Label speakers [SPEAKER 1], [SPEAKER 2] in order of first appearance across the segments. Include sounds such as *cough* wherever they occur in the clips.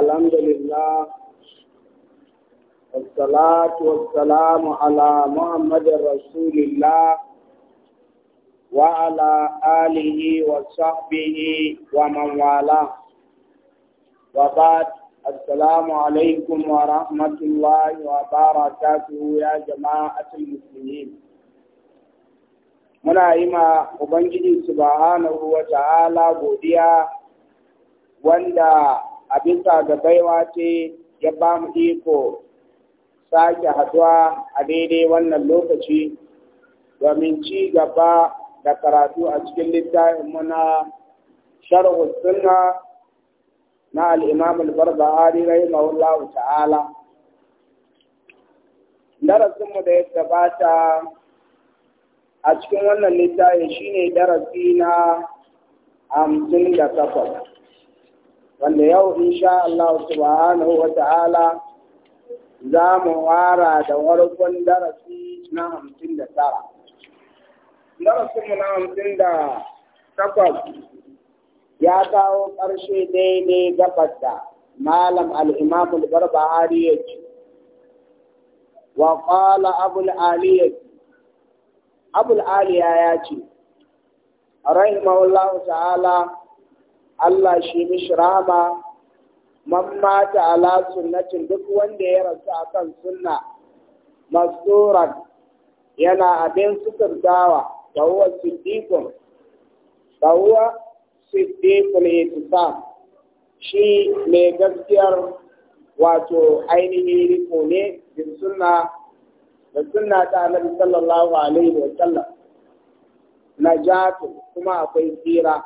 [SPEAKER 1] الحمد لله والصلاة والسلام على محمد رسول الله وعلى آله وصحبه ومن والاه وبعد السلام عليكم ورحمة الله وبركاته يا جماعة المسلمين muna yi ma Ubangiji subhanahu wa ta'ala godiya wanda a da baiwa ce ya ba mu iko sake haduwa a daidai wannan lokaci domin ci gaba da karatu a cikin littafin muna sharhu sunna na al-imam al-barbahari rahimahullahu ta'ala darasinmu da ya gabata a cikin wannan littafin shine darasi na hamsin da wanda yau insha Allah subhanahu wa ta'ala za mu wara da warkon darasi na hamsin da tara. Darasinmu na hamsin da takwas ya kawo ƙarshe daidai gabar da malam al'imamul barbahari ya ce, wa ƙwala abul aliyar abul aliya ya ce, rahimahullahu ta'ala Allah shi mishi rahama man mata ala sunnatin duk wanda ya rasu a kan sunna masturan yana abin suturtawa da huwa siddiqun da huwa siddiqul itisam shi mai gaskiyar wato ainihin riko ne da sunna da sunna ta annabi sallallahu alaihi wa sallam najatu kuma akwai tsira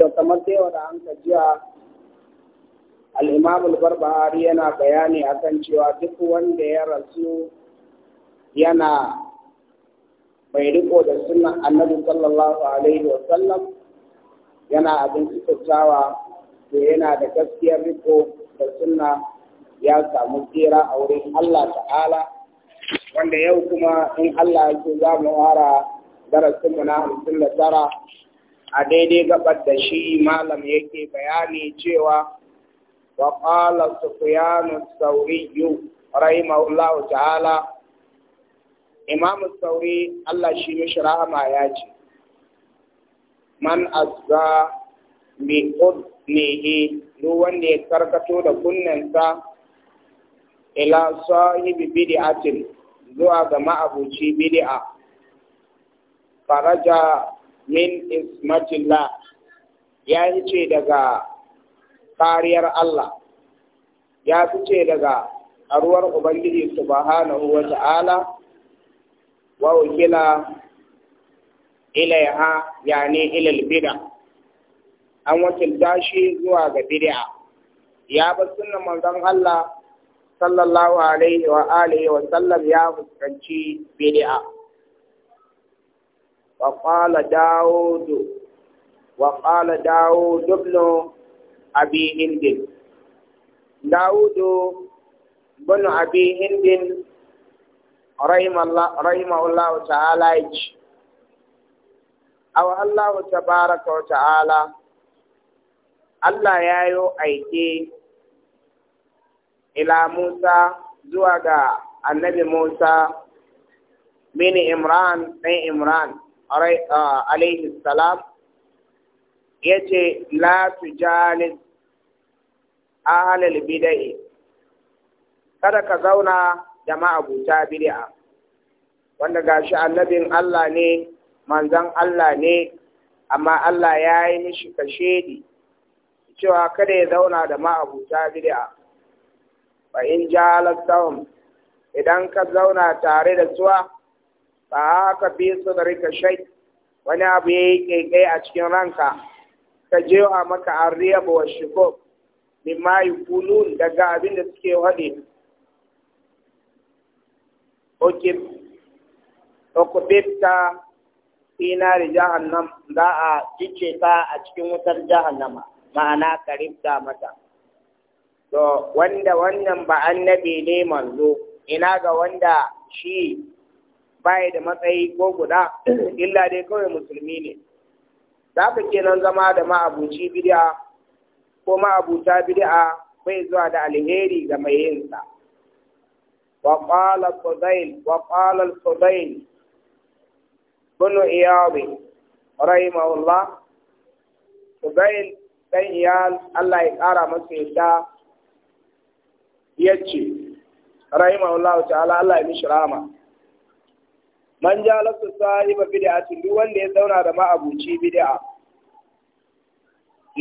[SPEAKER 1] to kamar da yawa jiya al'imam al-barbahari yana bayani akan cewa duk wanda ya rasu yana mai riko da sunan annabi sallallahu alaihi wa sallam yana abin kusurtawa to yana da gaskiyar riko da sunna ya samu tsira a wurin Allah ta'ala wanda yau kuma in Allah ya ce za mu fara darasinmu na hamsin da tara a daidai gabar da shi malam yake bayani cewa wa qala sufyan sauri rahimahullahu ta'ala imam sauri Allah shi ne ya ce man azza bi udnihi duk wanda ya karkato da kunnensa ila sahibi bid'atin zuwa ga ma'abuci bid'a faraja min ismatillah ya fice daga kariyar Allah ya fice daga aruwar ubangiji subhanahu wa ta'ala wa wakila ilaiha yani ilal an wakilta shi zuwa ga bid'a ya ba sunnan manzon Allah sallallahu alaihi wa alihi wa sallam ya fuskanci bid'a waqala daud waqala daud ibn abi hind daud ibn abi hind rahim allah ya allah ta'ala awa allah tabaarak wa ta'ala allah yayo aike ila musa zuwa ga annabi musa mini imran ne imran alaihi salam ya ce la tujalis ahalal bidai kada ka zauna da ma'abuta bid'a wanda gashi annabin Allah ne manzan Allah ne amma Allah ya yi mishi kashedi cewa kada ya zauna da ma'abuta bid'a fa in jalasahum idan ka zauna tare da suwa ba ka fi sudarika shai wani abu ya yi kaikai a cikin ranka ka jewa maka arriyaba wa shiko mimma yukunun daga abin da suke wade okib okubita finari jahannam za a kice ta a cikin wutar jahannama ma'ana karibta mata to wanda wannan ba annabi ne manzo ina ga wanda shi baya da matsayi ko guda *clears throat* illa dai kawai musulmi ne Za ka kenan zama da ma'abuci bid'a ko ma'abuta bid'a bai zuwa da alheri ga mai yinsa wa qala fudail wa qala fudail bunu iyabi rahimahullah fudail dan iyal Allah ya kara masa yadda yace rahimahullah ta'ala Allah ya mishi rahama man ba sahiba bid'atin duk wanda ya zauna da ma'abuci bid'a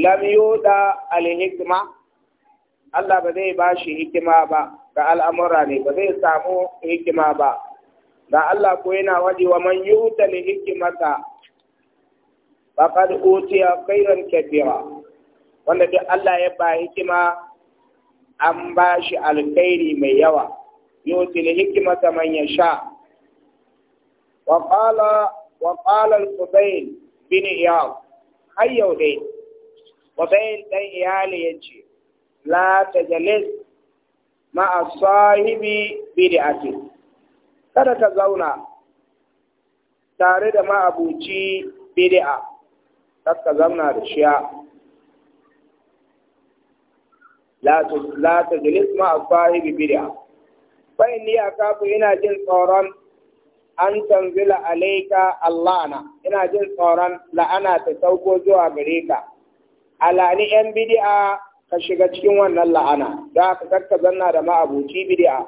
[SPEAKER 1] lam yuda al hikma Allah ba zai bashi hikima ba ga al'amura ne ba zai samu hikima ba ga Allah ko yana wadi wa man yuta li hikimata faqad utiya khairan kabira wanda duk Allah ya ba hikima an bashi alkhairi mai yawa yuti li hikimata man yasha وقال وقال القبيل بن إياب أيو دي قبيل دي إيالي يجي لا تجلس مع الصاحب بدعته kada ka zauna tare da ma'abuci bid'a kada ka zauna da shiya la la jilis ma sahibi bid'a fa inni ku ina jin tsoron an tanzila alaika allana ina jin tsoron la'ana ta sauko zuwa gare ka alani yan bidi'a ka shiga cikin wannan la'ana da ka kakka zanna da ma'abuci bid'a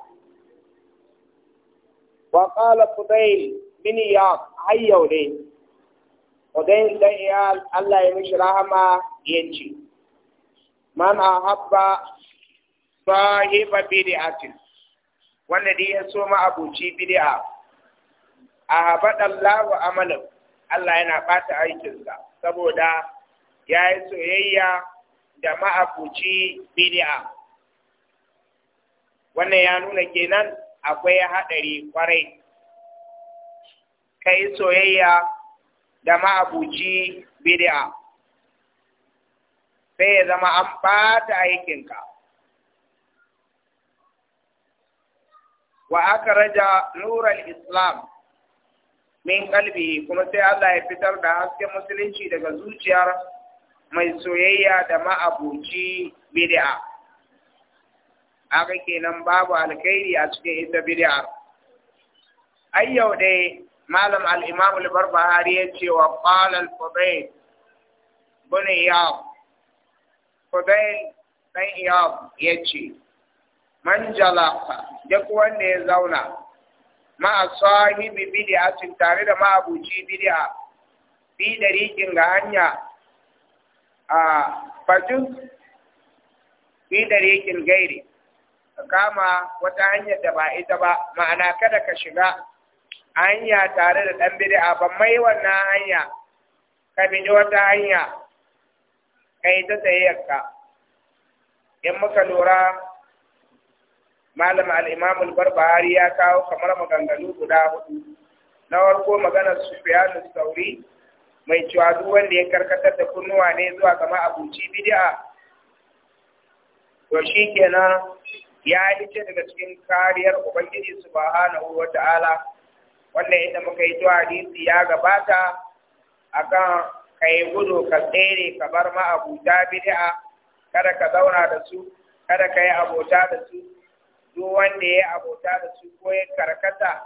[SPEAKER 1] wa qala fudayl bin ya hayyau dai fudayl dan Allah ya mishi rahama yace man ahabba sahiba bid'atin wanda dai ya so ma'abuci bid'a ahabadallahu amalahu Allah yana bata aikinsa saboda ya yi soyayya da ma'abuci bid'a wannan ya nuna kenan akwai haɗari kwarai kai soyayya da ma'abuci bid'a sai ya zama an bata aikinka wa aka raja nural islam min kalbi kuma sai Allah ya fitar da hasken musulunci daga zuciyar mai soyayya da ma'abuci bid'a haka kenan babu alkhairi a cikin ita bid'a ai yau dai malam al-imam al-barbahari ya ce wa qala al-fudayl bin iyab fudayl iyab ya ce man jalaka duk wanda ya zauna ma'a sahibi bid'atin tare da ma'abuci bid'a da rikin ga hanya a bi da dariqin gairi kama wata hanyar da ba ita ba ma'ana kada ka shiga hanya tare da ɗan bid'a ba mai wannan hanya ka bi wata hanya kai ta tsayayyarka in muka lura malam al-imam barbahari ya kawo kamar maganganu guda hudu na farko maganar sufyan sauri mai cewa wanda ya karkatar da kunnuwa ne zuwa ga abuci bid'a to kenan ya hice daga cikin kariyar ubangiji subhanahu wa ta'ala wannan yadda muka yi zuwa hadisi ya gabata akan yi gudu ka tsere ka bar ma'abuta bid'a kada ka zauna da su kada ka yi abota da su duk wanda ya abota da su ko ya karkata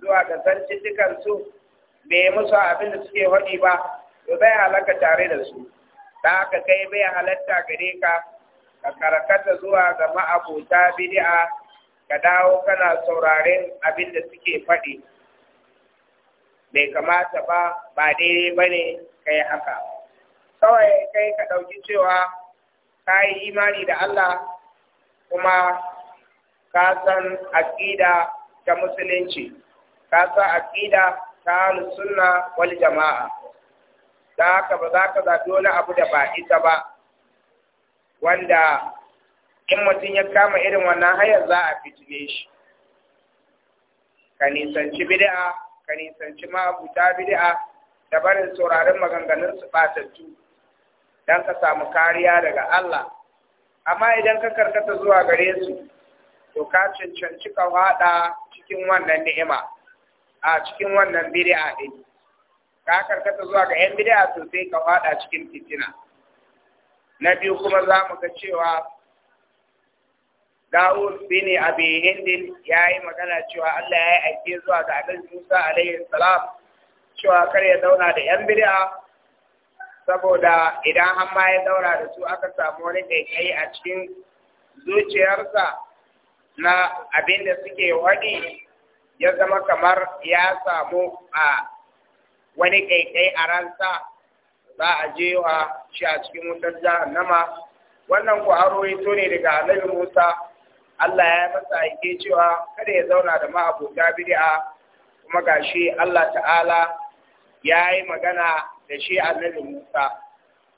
[SPEAKER 1] zuwa ga zancitukan su bai musu abin da suke faɗi ba to bai halaka tare da su ta haka kai bai halarta gare ka ka karkata zuwa ga ma'abota bid'a ka dawo kana sauraren abin da suke faɗi bai kamata ba ba daidai ba ne ka yi haka kawai kai ka ɗauki cewa ka yi imani da Allah kuma ka san aqida ta musulunci ka san aqida ta sunna wal jama'a da haka ba za ka zaɓi wani abu da ba ita ba wanda in mutum ya kama irin wannan hayar za a fitile shi ka nisanci bid'a ka nisanci ma'abuta bid'a da barin sauraron maganganun su batattu don ka samu kariya daga Allah amma idan ka karkata zuwa gare su to ka cancanci ka faɗa cikin wannan ni'ima a cikin wannan bid'a din ka karkata zuwa ga yan bid'a sosai sai ka faɗa cikin fitina na biyu kuma za mu ga cewa Dawud bin Abi Hindin ya yi magana cewa Allah ya yi aike zuwa ga Annabi Musa alaihi salam cewa kar ya zauna da yan bid'a saboda idan har ma ya zauna da su aka samu wani kai a cikin zuciyarsa na abin da suke wani ya zama kamar ya samu a wani ƙaiƙai a ransa za a je wa shi a cikin wutar jahannama wannan ku ito ne daga annabi Musa Allah ya masa aike cewa kada ya zauna da ma'abota bid'a kuma gashi Allah ta'ala ya yi magana da shi annabi Musa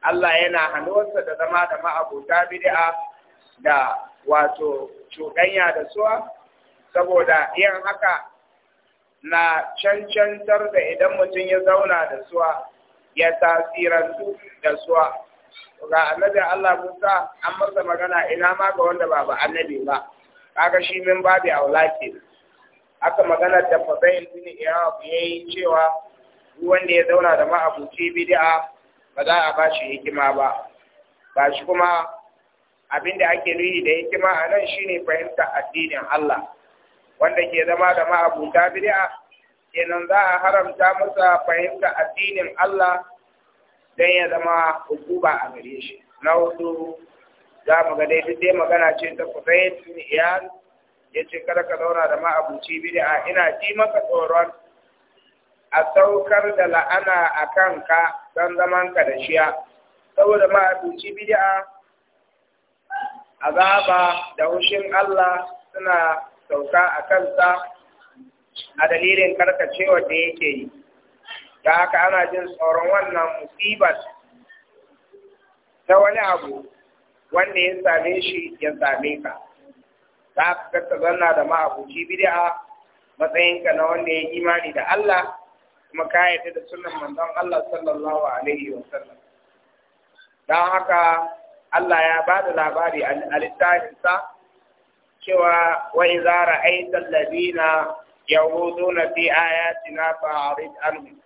[SPEAKER 1] Allah yana hannunsa da zama da ma'abota bid'a da wato cuɗanya da suwa saboda yin haka na cancantar da idan mutum ya zauna da suwa ya tasirantu da suwa ga annabi Allah Musa an masa magana ina ma ga wanda ba ba annabi ba kaga shi min babu aula ke aka magana da fadayin bin ya yayi cewa wanda ya zauna da ma'abuci bidi'a ba za a bashi hikima ba ba shi kuma abinda ake nuni da hikima a nan shine fahimta addinin Allah wanda ke zama da ma'abuta bid'a kenan za a haramta masa fahimta addinin Allah dan ya zama hukuma a gare shi na hudu za mu ga dai duk dai magana ce ta Qusayl ibn Iyad yace kada ka zauna da ma'abuci bid'a ina ji maka tsoron a saukar da la'ana a kanka don zamanka da shiya saboda ma'abuci bid'a azaba da hushin Allah suna sauka a kansa a dalilin karkacewa da yake yi da haka ana jin tsoron wannan musibar ta wani abu wanda ya same shi ya same ka za ka kasa zanna da ma'abuci bid'a matsayinka na wanda ya imani da Allah kuma ka yarda da sunan manzon Allah sallallahu alaihi wa sallam don haka Allah ya ba da labari a littafinsa cewa wai ai idza na alladhina na fi a fa'rid anhum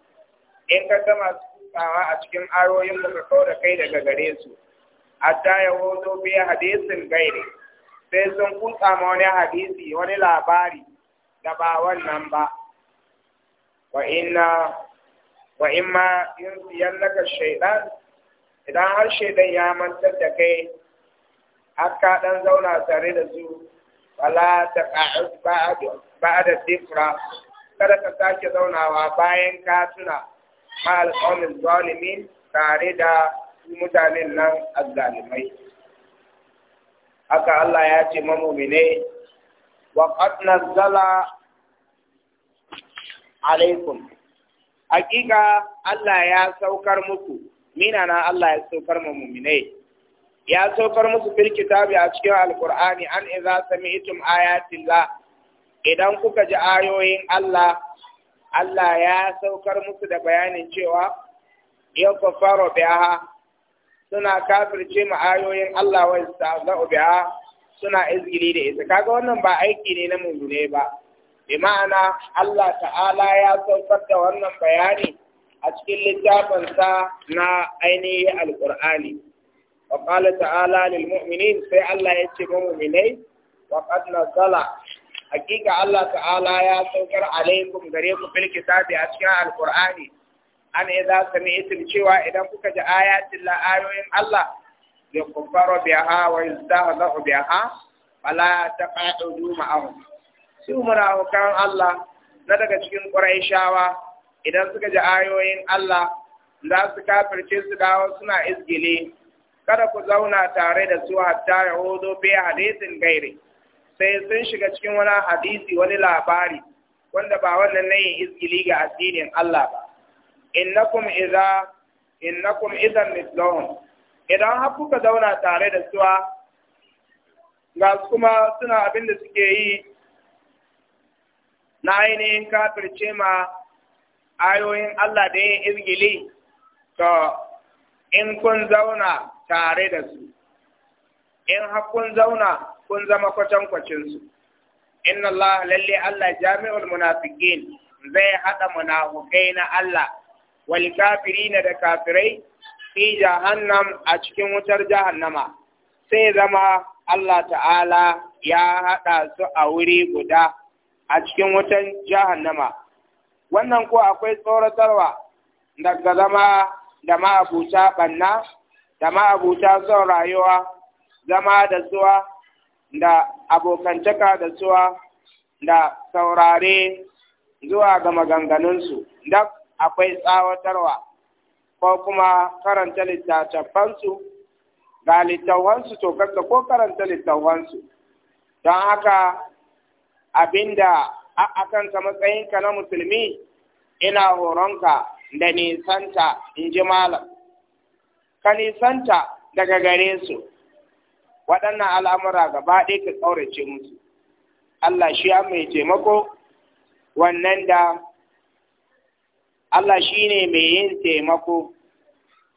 [SPEAKER 1] in ka gama tsawa a cikin aroyin mu ka da kai daga gare su hatta yahudu bi hadisin gairi sai sun kutsa ma wani hadisi wani labari da ba wannan ba wa inna wa imma yunsiyannaka shaytan idan har shaidan ya mantar da kai ka dan zauna tare da su wala ta ba'da dhikra kada ka sake zaunawa bayan ka tuna ma alqawmin zalimin tare da mutanen nan azzalimai haka Allah ya ce mamumine wa qad nazzala alaikum hakika Allah ya saukar muku mina na Allah ya saukar mu mu'minai ya saukar musu fil kitabi a cikin alqur'ani an idza sami'tum ayatillah idan kuka ji ayoyin Allah Allah ya saukar musu da bayanin cewa ya kafaro biha suna kafirce mu ayoyin Allah wa yastahza'u biha suna izgili da ita kaga wannan ba aiki ne na ne ba bi ma'ana Allah ta'ala ya saukar da wannan bayani a cikin littafinsa na ainihin alƙur'ani wa qala ta'ala lil mu'minin sai Allah ya ce mu'minai wa qad nazala hakika Allah ta'ala ya saukar alaikum gare ku fil kitabi a cikin alkur'ani an idza sami'tum cewa idan kuka ji ayatin la ayoyin Allah ya kuffara biha wa yastahzahu biha fala taqa'udu ma'ahum su murahukan Allah na daga cikin Qurayshawa idan suka ji ayoyin Allah za su kafirce su dawo suna izgili kada ku zauna tare da su hatta ya hodo be hadisin gairi sai sun shiga cikin wani hadisi wani labari wanda ba wannan ne izgili ga addinin Allah ba innakum idza innakum idan mithlahum idan har kuka zauna tare da su ga kuma suna abin da suke yi na ainihin kafirce ma ayoyin Allah da yin izgili to in kun zauna tare da su in kun zauna kun zama kwacin su inna Allah lalle Allah jami'ul munafiqin zai haɗa munafukai na Allah kafiri na da kafirai fi jahannam a cikin wutar jahannama sai zama Allah ta'ala ya haɗa su a wuri guda a cikin wutar jahannama wannan ko akwai tsoratarwa daga zama da ma'abuta banna, da ma'abuta son rayuwa zama da suwa da abokantaka da suwa da saurare zuwa ga maganganunsu duk akwai tsawatarwa ko kuma karanta littattafansu ga littattafansu to kakka ko karanta littattafansu don haka abinda a akan matsayinka na musulmi ina horonka da nisanta in ji malam ka nisanta daga gare su waɗannan al'amura gaba ɗaya ka tsaurace musu Allah shi ya mai taimako wannan da Allah shi ne mai yin taimako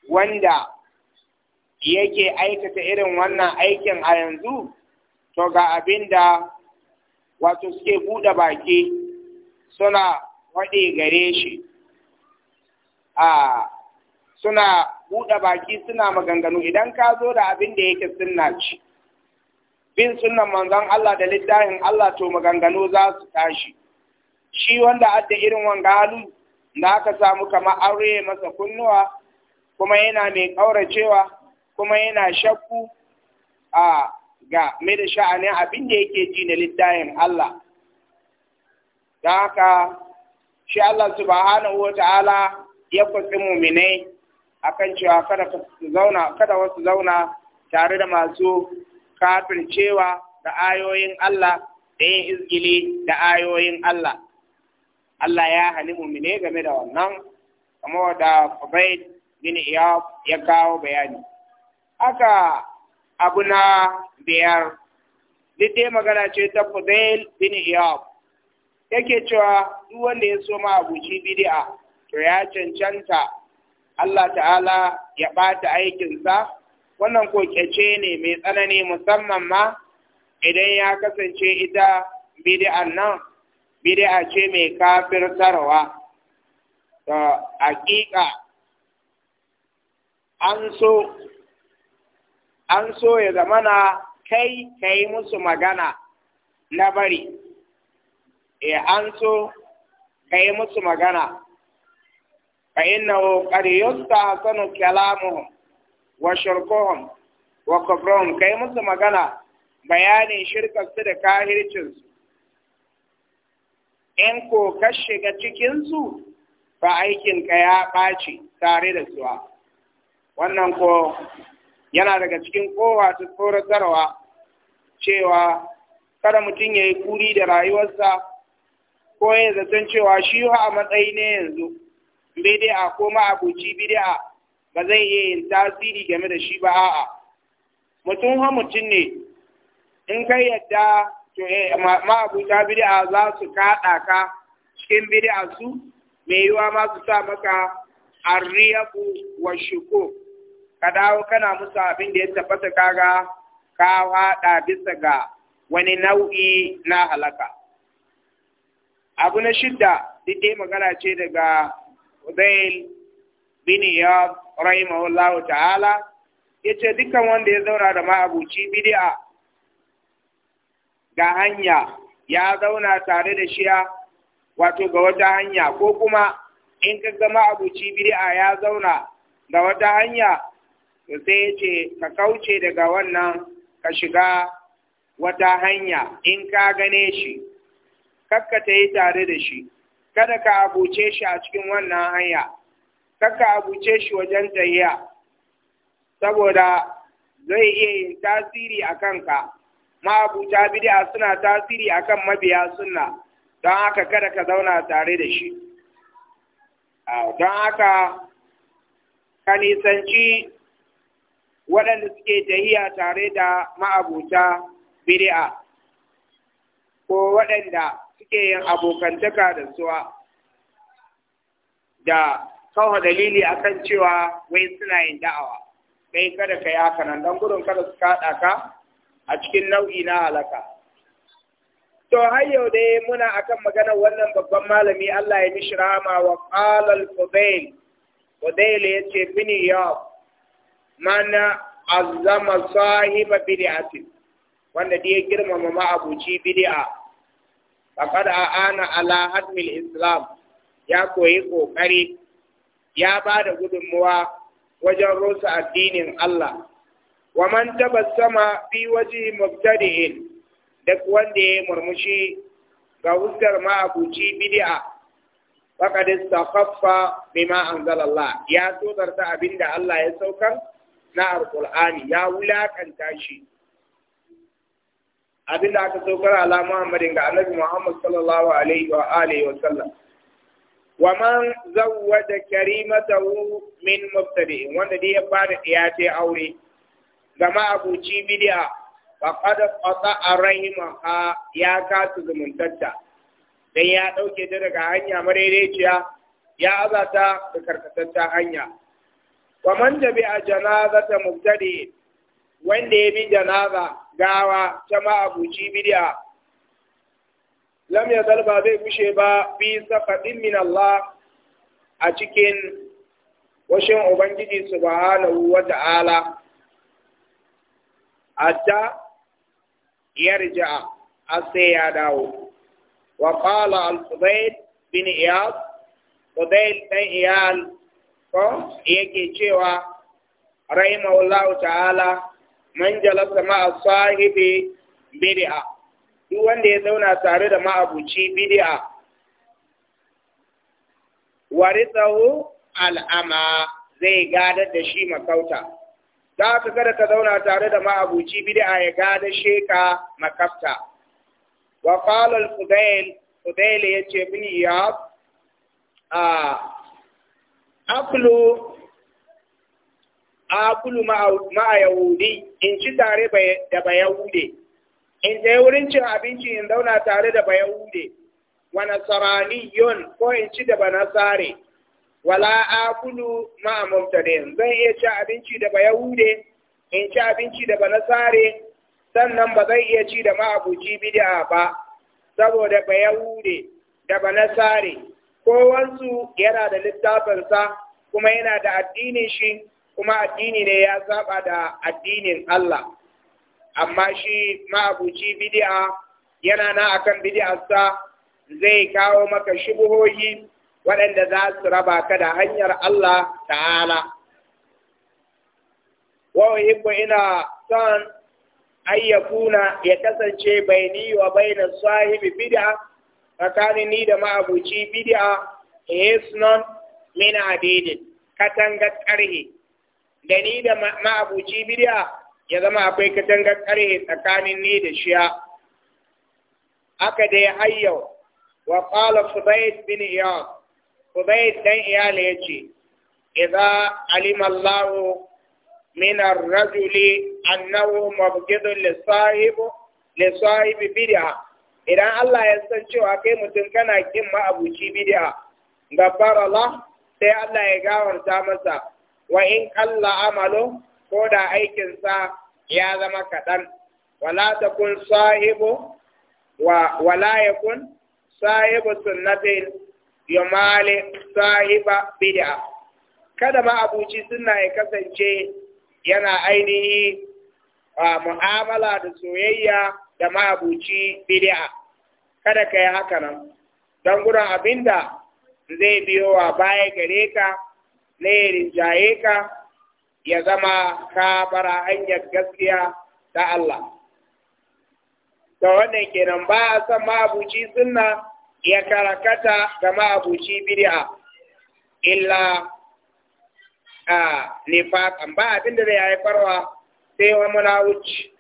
[SPEAKER 1] wanda yake aikata irin wannan aikin a yanzu to ga abin da wato suke buɗe baki suna waɗe gare shi a suna buɗe baki suna maganganu idan ka zo da abin da yake sunna ci bin sunnan manzon Allah da littafin Allah to maganganu za su tashi shi wanda adda irin wanga halu da aka samu kamar aure masa kunnuwa kuma yana mai ƙauracewa kuma yana shakku a ga mai da sha'anin abin da yake ji na littayin Allah. Da haka, shi Allah subhanahu wa ta'ala ya kusi muminai a kan cewa kada wasu zauna tare da masu kafin cewa da ayoyin Allah da yin izgili da ayoyin Allah. Allah ya hani muminai game da wannan, kamar da Fubaid bin ya kawo bayani. aka abu na biyar duk magana ce ta fudail bin iyab yake cewa duk wanda ya so ma abuci bid'a to ya cancanta Allah ta'ala ya ɓata aikinsa wannan kokece ne mai tsanani musamman ma idan ya kasance ita bid'an nan bid'a ce mai kafirtarwa to hakika an so an so ya zamana kai ka yi musu magana na bari e an so ka yi musu magana fa innahu qad sanu kalamuhum wa shirkuhum wa ka kai musu magana bayanin shirkarsu da kahircinsu in ko ka shiga cikinsu ba ka ya ɓaci tare da suwa wannan ko yana daga cikin kowa ta tsoratarwa cewa kada mutum ya yi kuri da rayuwarsa ko yin zaton cewa shi a matsayi ne yanzu bid'a ko ma'abuci bidi'a ba zai iya yin tasiri game da shi ba a'a mutum ha mutum ne in kai yadda eh, ma'abuta bidi'a za su kaɗa ka cikin bidi'a su mai yiwa ma su sa maka arriyaku wa shuku ka dawo kana musu abin da ya tabbata kaga ka bisa ga wani nau'i na halaka abu na shidda duk dai magana ce daga Uzail bin Iyad rahimahullahu ta'ala yace dukkan wanda ya zauna da ma'abuci bid'a ga hanya ya zauna tare da shiya wato ga wata hanya ko kuma in ka ga ma'abuci bid'a ya zauna ga wata hanya to sai ya ce ka kauce daga wannan ka shiga wata hanya in ka gane shi kakka ta yi tare da shi kada ka abuce shi a cikin wannan hanya kakka abuce shi wajen tayya saboda zai iya yin tasiri a kanka ma'abuta bid'a suna tasiri akan mabiya suna don haka kada ka zauna tare da shi don haka ka nisanci waɗanda suke tahiya tare da ma'abuta bid'a ko waɗanda suke yin abokantaka da suwa da kawo dalili a kan cewa wai suna yin da'awa kai kada ka yi haka nan don gudun kada su kaɗa ka a cikin nau'i na halaka To har yau dai muna akan maganar wannan babban malami Allah ya mishi rahama wa ƙalal Fudail. Fudail ya ce Fini yau mana azama sahiba bid'ati wanda dai girma girmama ma'abuci bid'a faqad aana ala hadmil islam ya koyi kokari ya ba da gudunmuwa wajen rusa addinin Allah wa man tabassama fi waji mubtadi'in duk wanda ya murmushi ga ma ma'abuci bid'a faqad istakhaffa bima anzalallah ya tozarta abinda Allah ya saukar na alqur'ani ya wulakanta shi abin da aka saukar ala Muhammadin ga Annabi Muhammad sallallahu alaihi wa alihi wa sallam wa man zawwada karimatahu min mubtadi wanda dai ya bada ya ta aure gama abuci bid'a qad qata rahimaha ya kasu zumuntarta dan ya dauke ta daga hanya madaidaiciya ya azata da karkatatta hanya wa man tabi'a janazata mubtadi wanda ya bi janaza gawa ta ma'abuci bid'a lam ba zai bushe ba bi saqatin min Allah a cikin washin ubangiji subhanahu wa ta'ala hatta yarja sai ya dawo wa qala al-fudayl bin iyad fudayl dan iyal ko yake cewa Allah ta'ala man jalasa ma'a sahibi bid'a duk wanda ya zauna tare da ma'abuci bid'a warithahu al'ama zai gada da shi makauta za ka kada ka zauna tare da ma'abuci bid'a ya gada sheka makafta wa qala al-fudail fudail yace bin ya a aklu ma a yahudi in ci tare da ba yahude in je wurin cin abinci in zauna tare da ba yahude wa nasaraniyun ko in ci da ba nasare wala akulu ma'a mubtadin zan iya ci abinci da ba yahude in ci abinci da ba nasare sannan ba zai iya ci da ma ma'abuci bid'a ba saboda ba yahude da ba nasare kowansu yana da littafinsa kuma yana da addinin shi kuma addini ne ya zaba da addinin Allah amma shi ma'abuci bid'a yana na akan bid'arsa zai kawo maka shubuhohi waɗanda za su raba ka da hanyar Allah ta'ala wa yuhibbu ina son ayyakuna ya kasance ni wa bainas sahibi bid'a tsakanin ni da ma'abuci bid'a hisnon min adidin katangar ƙarhe da ni da ma'abuci bid'a ya zama akwai katangar ƙarhe tsakanin ni da shiya aka dai hayyau wa qala fudayd bin iyad fudayd dan iyal yace idza alima allah min ar-rajuli annahu mabghidun li sahibi li sahibi bid'a idan Allah ya san cewa kai mutum kana kin ma'abuci bid'a gafara Allah sai Allah ya gawarta masa wa in qalla amalu ko da aikin sa ya zama kadan wala takun sahibu wa wala yakun sahibu sunnatin yumali sahiba bid'a kada ma'abuci sunna ya kasance yana ainihi a mu'amala da soyayya da ma'abuci bid'a kada ka yi haka nan don gudun abinda zai biyo wa baya gare ka na rinjaye ka ya zama ka bara hanyar gaskiya da Allah da wannan kenan ba a san ma'abuci sunna ya karakata ga ma'abuci bid'a illa a kan. ba abinda zai haifarwa sai wa munawuci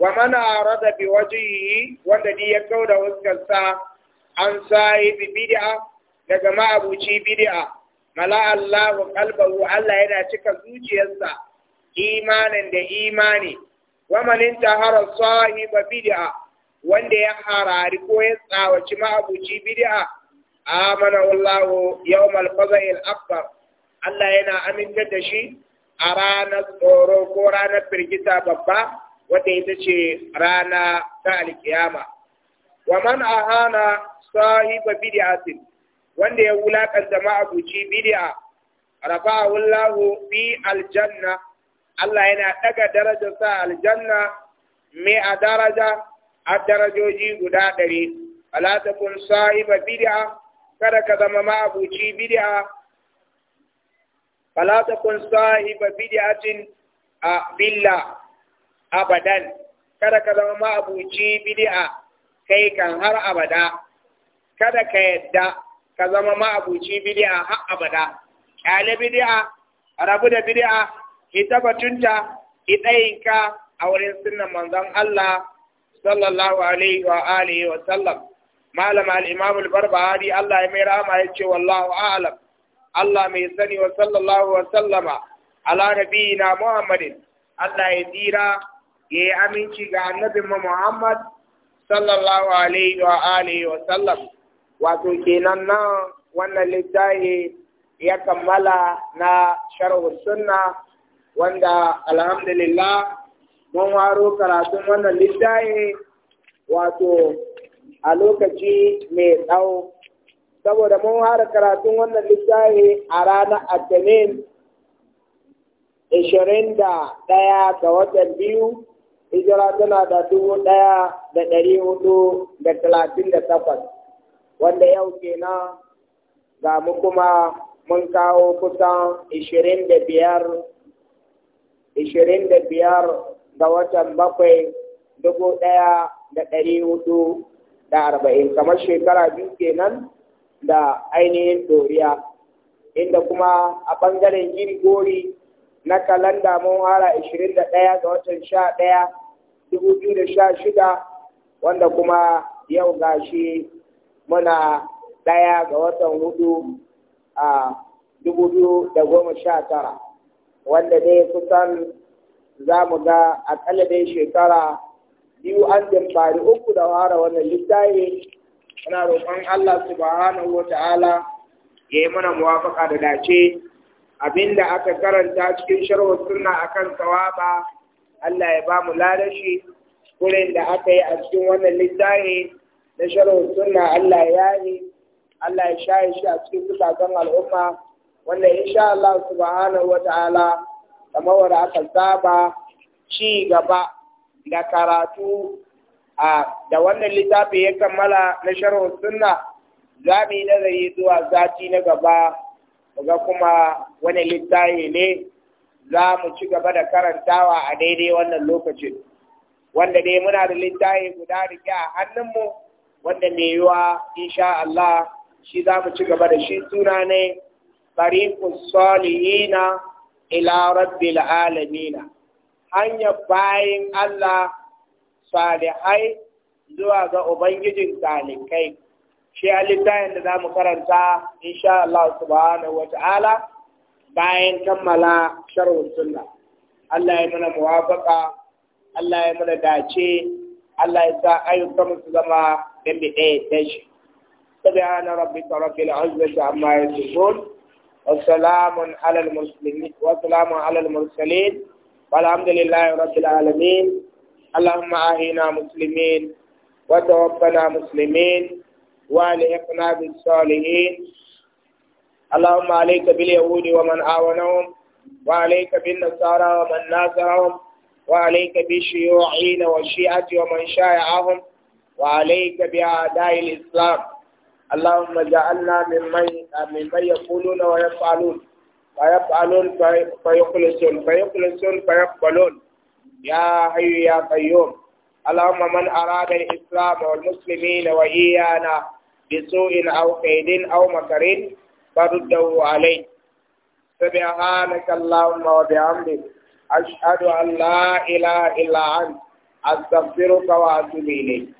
[SPEAKER 1] wa man arada bi wajhihi wanda ni ya kauda huskarsa an sai bi bid'a daga ma'abuci bid'a mala Allahu qalbahu Allah yana cika zuciyarsa imanin da imani wa man intahara sahiba bid'a wanda ya harari ko ya tsawaci ma'abuci bid'a amana wallahu yawmal faza'il akbar Allah yana amintar da shi a ranar tsoro ko ranar firgita babba wadda ita ce rana ta alkiyama wa man ahana sahiba bid'atin wanda ya wulakanta ma'abuci bid'a rafa'ahu Allah fi aljanna Allah yana daga darajar sa aljanna mai a daraja a darajoji guda ɗari ala takun sahiba bid'a kada ka zama ma'abuci bid'a fala takun sahiba bid'atin a billah abadan kada ka zama abuci bid'a kai kan har abada kada ka yadda ka zama abuci bid'a har abada kyale bid'a rabu da bid'a ita batunta idayinka a wurin sunnan manzon Allah sallallahu alaihi wa alihi wa sallam malam al-imam al-barbahari Allah ya mai rahama yace wallahu a'lam Allah mai sani wa sallallahu wa sallama ala nabiyina Muhammadin Allah ya dira ya yi aminci ga annabi Muhammad sallallahu alaihi wa alihi wa sallam wato kenan nan wannan littafi ya kammala na sharhu sunna wanda alhamdulillah mun waro karatun wannan littafi wato a lokaci mai tsawo saboda mun waro karatun wannan littafi a ranar Attanin 21 ga watan biyu hijira tana da dubu ɗaya da ɗari hudu da talatin da takwas wanda yau kenan ga mu kuma mun kawo kusan ishirin da biyar ishirin da biyar ga watan bakwai dubu ɗaya da ɗari hudu da arba'in kamar shekara biyu kenan da ainihin doriya inda kuma a ɓangaren yin gori na kalanda mun hara 21 ga watan 11 2016 wanda kuma yau gashi muna ɗaya ga watan hudu a 2019 wanda dai kusan za mu ga akalla dai shekara biyu an jamfari uku da fara wannan littafi ana roƙon Allah subhanahu wa ta'ala ya yi mana muwafaka da dace Abin da aka karanta cikin sharhu sunna akan tawaba Allah ya ba mu ladashi kurin da aka yi a cikin wannan littafi na sharhu sunna Allah ya yi Allah ya sha shi a cikin zukatan al'umma wanda insha Allah subhanahu wa ta'ala kamar wanda aka saba ci gaba da karatu a da wannan littafi ya kammala na sharhu sunna za mu yi nazari zuwa zati na gaba ga kuma wani littafi ne za mu ci gaba da karantawa a daidai wannan lokacin wanda dai muna da littafi guda rike a hannun mu, wanda mai yiwa insha Allah shi za mu ci gaba da shi suna ne tariqus salihina ila rabbil alamin Hanya bayin Allah salihai zuwa ga ubangijin talikai shi a littafin da za mu karanta insha Allah subhanahu wa ta'ala bayan kammala sharhul sunna Allah ya mana muwafaqa Allah ya mana dace Allah ya sa ayyukan su zama dambe ɗaya da shi سبحان ربك رب العزة عما يصفون وسلام على المرسلين وسلام على المرسلين والحمد لله رب العالمين اللهم أهنا مسلمين وتوفنا مسلمين والإقنا بالصالحين اللهم عليك باليهود ومن آونهم وعليك بالنصارى ومن ناصرهم وعليك بالشيوعين والشيعة ومن شايعهم وعليك بأعداء الإسلام اللهم اجعلنا ممن ممن يقولون ويفعلون فيفعلون فيخلصون فيخلصون فيقبلون يا حي يا قيوم اللهم من أراد الإسلام والمسلمين وإيانا بسوء أو كيد أو مكر فرده عليه سبحانك اللهم وبحمدك أشهد أن لا إله إلا أنت أستغفرك وأتوب إليك